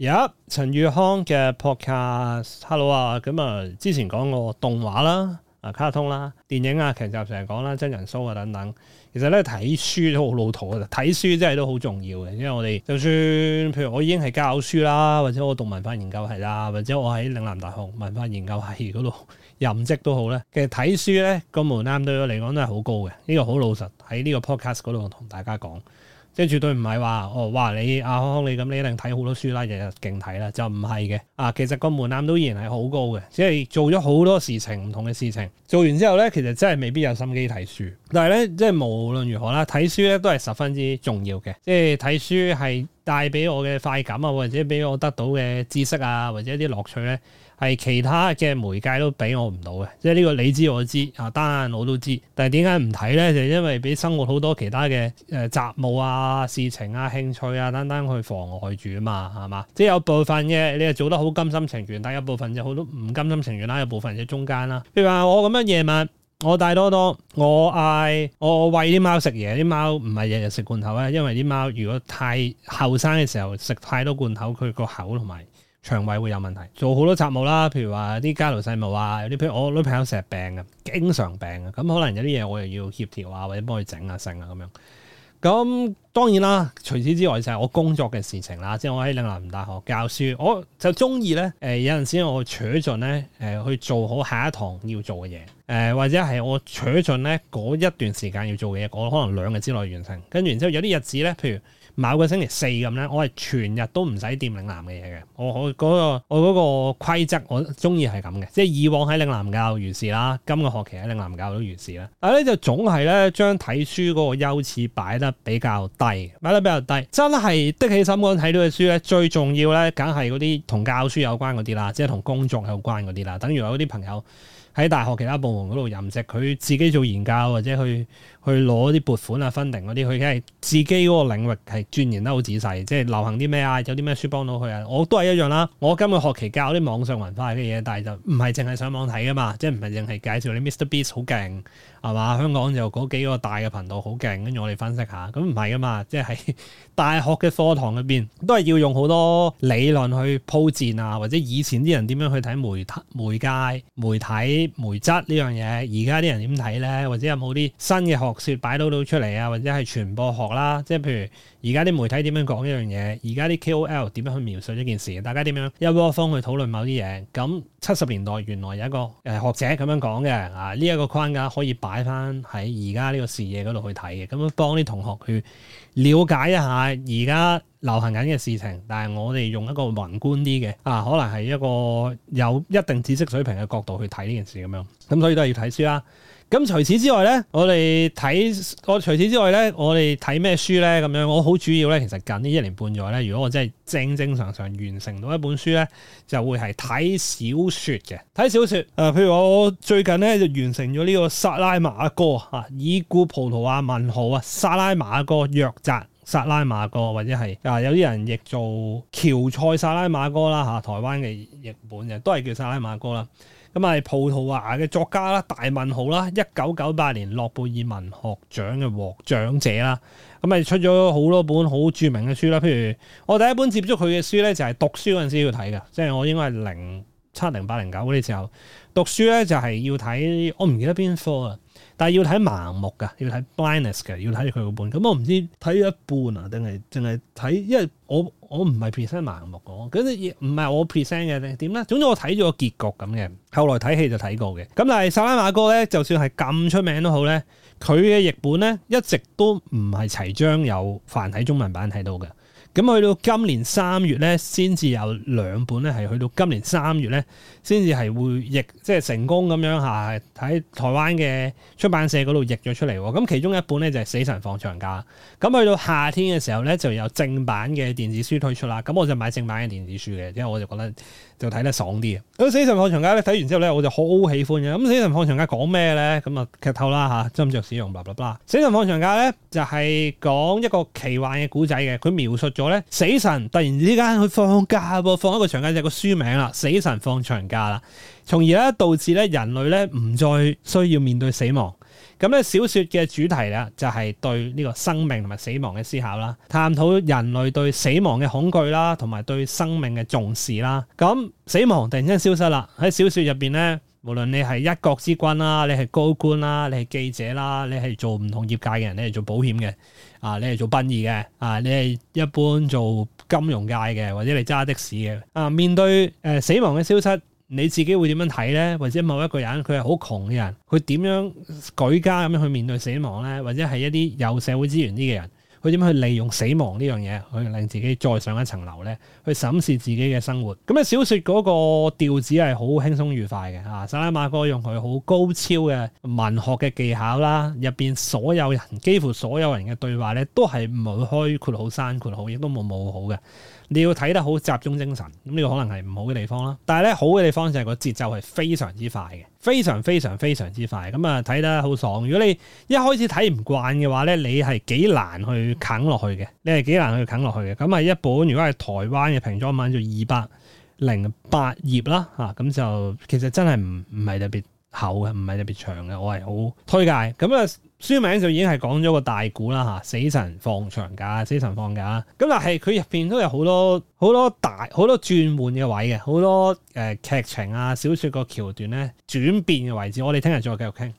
有、yeah，陳宇康嘅 podcast，Hello 啊，咁啊，之前講過動畫啦、啊卡通啦、電影啊、劇集成日講啦、真人 show 啊等等，其實咧睇書都好老土嘅，睇書真係都好重要嘅，因為我哋就算譬如我已經係教書啦，或者我讀文化研究系啦，或者我喺嶺南大學文化研究系嗰度任職都好咧，其實睇書咧個門檻對我嚟講都係好高嘅，呢個好老實喺呢個 podcast 嗰度同大家講。即係絕對唔係話，哦話你阿康、啊、康，你咁，你一定睇好多書啦，日日勁睇啦，就唔係嘅。啊，其實個門檻都依然係好高嘅，即係做咗好多事情，唔同嘅事情做完之後咧，其實真係未必有心機睇書。但係咧，即係無論如何啦，睇書咧都係十分之重要嘅。即係睇書係帶俾我嘅快感啊，或者俾我得到嘅知識啊，或者一啲樂趣咧。係其他嘅媒介都俾我唔到嘅，即係呢個你知我知，啊單眼佬都知，但係點解唔睇咧？就因為俾生活好多其他嘅誒雜務啊、事情啊、興趣啊，等等去妨礙住啊嘛，係嘛？即係有部分嘅，你係做得好甘心情願，但係有部分就好多唔甘心情願啦，有部分喺中間啦。譬如話我咁樣夜晚，我帶多多，我嗌我餵啲貓食嘢，啲貓唔係日日食罐頭啊，因為啲貓如果太後生嘅時候食太多罐頭，佢個口同埋。腸胃會有問題，做好多雜務啦，譬如話啲家頭細務啊，有啲譬如我女朋友成日病嘅，經常病嘅，咁可能有啲嘢我又要協調啊，或者幫佢整啊、整啊咁樣。咁當然啦，除此之外就係、是、我工作嘅事情啦，即係我喺嶺南大學教書，我就中意咧，誒、呃、有陣時我取盡咧，誒、呃、去做好下一堂要做嘅嘢，誒、呃、或者係我取盡咧嗰一段時間要做嘅嘢，我、那個、可能兩日之內完成，跟住然之後有啲日子咧，譬如。某個星期四咁咧，我係全日都唔使掂嶺南嘅嘢嘅。我我嗰個我嗰個規則，我中意係咁嘅。即係以往喺嶺南教完試啦，今個學期喺嶺南教都完試啦。但係咧就總係咧將睇書嗰個優次擺得比較低，擺得比較低。真係的起心肝睇到嘅書咧，最重要咧，梗係嗰啲同教書有關嗰啲啦，即係同工作有關嗰啲啦。等如話啲朋友喺大學其他部門嗰度任職，佢自己做研究或者去。去攞啲撥款啊、分 i 嗰啲，佢梗經係自己嗰個領域係鑽研得好仔細，即係流行啲咩啊，有啲咩書幫到佢啊？我都係一樣啦。我今個學期教啲網上文化嘅嘢，但係就唔係淨係上網睇噶嘛，即係唔係淨係介紹你 Mr Beast 好勁係嘛？香港就嗰幾個大嘅頻道好勁，跟住我哋分析下，咁唔係噶嘛，即係大學嘅課堂入邊都係要用好多理論去鋪墊啊，或者以前啲人點樣去睇媒體、媒介、媒體、媒質呢樣嘢，而家啲人點睇咧，或者有冇啲新嘅學學說擺到到出嚟啊，或者係傳播學啦，即係譬如而家啲媒體點樣講呢樣嘢，而家啲 KOL 點樣去描述呢件事，大家點樣一窩蜂去討論某啲嘢？咁七十年代原來有一個誒學者咁樣講嘅啊，呢、這、一個框架可以擺翻喺而家呢個視野嗰度去睇嘅，咁樣幫啲同學去了解一下而家流行緊嘅事情。但係我哋用一個宏觀啲嘅啊，可能係一個有一定知識水平嘅角度去睇呢件事咁樣。咁所以都係要睇書啦、啊。咁除此之外咧，我哋睇我除此之外咧，我哋睇咩書咧？咁樣我好主要咧，其實近呢一年半左右，咧如果我真係正正常常完成到一本書咧，就會係睇小說嘅。睇小說，誒、啊，譬如我最近咧就完成咗呢、這個薩拉馬戈啊，已故葡萄牙文豪啊，薩拉馬戈，若澤，薩拉馬戈，或者係啊，有啲人譯做喬賽薩拉馬戈啦嚇，台灣嘅譯本嘅都係叫薩拉馬戈啦。咁咪葡萄牙嘅作家啦，大文豪啦，一九九八年諾貝爾文學獎嘅獲獎者啦，咁咪出咗好多本好著名嘅書啦，譬如我第一本接觸佢嘅書咧，就係讀書陣時要睇嘅，即係我應該係零。七零八零九嗰啲時候，讀書咧就係要睇，我唔記得邊科啊，但係要睇盲目嘅，要睇 blindness 嘅，要睇佢個本。咁我唔知睇咗一半啊，定係淨係睇，因為我我唔係 present 盲目嘅，咁啲嘢唔係我 present 嘅定係點咧？總之我睇咗個結局咁嘅。後來睇戲就睇過嘅。咁但係《薩拉馬戈》咧，就算係咁出名都好咧，佢嘅譯本咧一直都唔係齊章有繁體中文版睇到嘅。咁去到今年三月咧，先至有兩本咧，係去到今年三月咧，先至係會譯，即係成功咁樣嚇，喺台灣嘅出版社嗰度譯咗出嚟。咁其中一本咧就係、是《死神放長假》。咁去到夏天嘅時候咧，就有正版嘅電子書推出啦。咁我就買正版嘅電子書嘅，因為我就覺得就睇得爽啲。《死神放長假》咧睇完之後咧，我就好喜歡嘅。咁《死神放長假》講咩咧？咁啊劇透啦嚇，針著使用，b l a 死神放長假》咧就係、是、講一個奇幻嘅故仔嘅，佢描述。死神突然之間去放假喎，放一個長假就係個書名啦，死神放長假啦，從而咧導致咧人類咧唔再需要面對死亡。咁咧小說嘅主題啦，就係對呢個生命同埋死亡嘅思考啦，探討人類對死亡嘅恐懼啦，同埋對生命嘅重視啦。咁死亡突然之間消失啦，喺小說入邊咧。無論你係一國之君啦，你係高官啦，你係記者啦，你係做唔同業界嘅人，你係做保險嘅，啊，你係做殯儀嘅，啊，你係一般做金融界嘅，或者你揸的士嘅，啊，面對誒、呃、死亡嘅消失，你自己會點樣睇咧？或者某一個人，佢係好窮嘅人，佢點樣舉家咁樣去面對死亡咧？或者係一啲有社會資源啲嘅人？佢點樣去利用死亡呢樣嘢去令自己再上一層樓呢，去審視自己嘅生活。咁啊，小説嗰個調子係好輕鬆愉快嘅。啊，塞拉馬哥用佢好高超嘅文學嘅技巧啦，入、啊、邊所有人幾乎所有人嘅對話呢，都係唔會開括好、刪括好，亦都冇冇好嘅。你要睇得好集中精神，呢個可能係唔好嘅地方啦。但係咧好嘅地方就係個節奏係非常之快嘅，非常非常非常之快。咁啊睇得好爽。如果你一開始睇唔慣嘅話咧，你係幾難去啃落去嘅，你係幾難去啃落去嘅。咁啊一本如果係台灣嘅平裝本，啊、就二百零八頁啦，嚇，咁就其實真係唔唔係特別厚嘅，唔係特別長嘅，我係好推介。咁啊。書名就已經係講咗個大鼓啦嚇，死神放長假，死神放假。咁但係佢入邊都有好多好多大好多轉換嘅位嘅，好多誒、呃、劇情啊、小説個橋段咧轉變嘅位置，我哋聽日再繼續傾。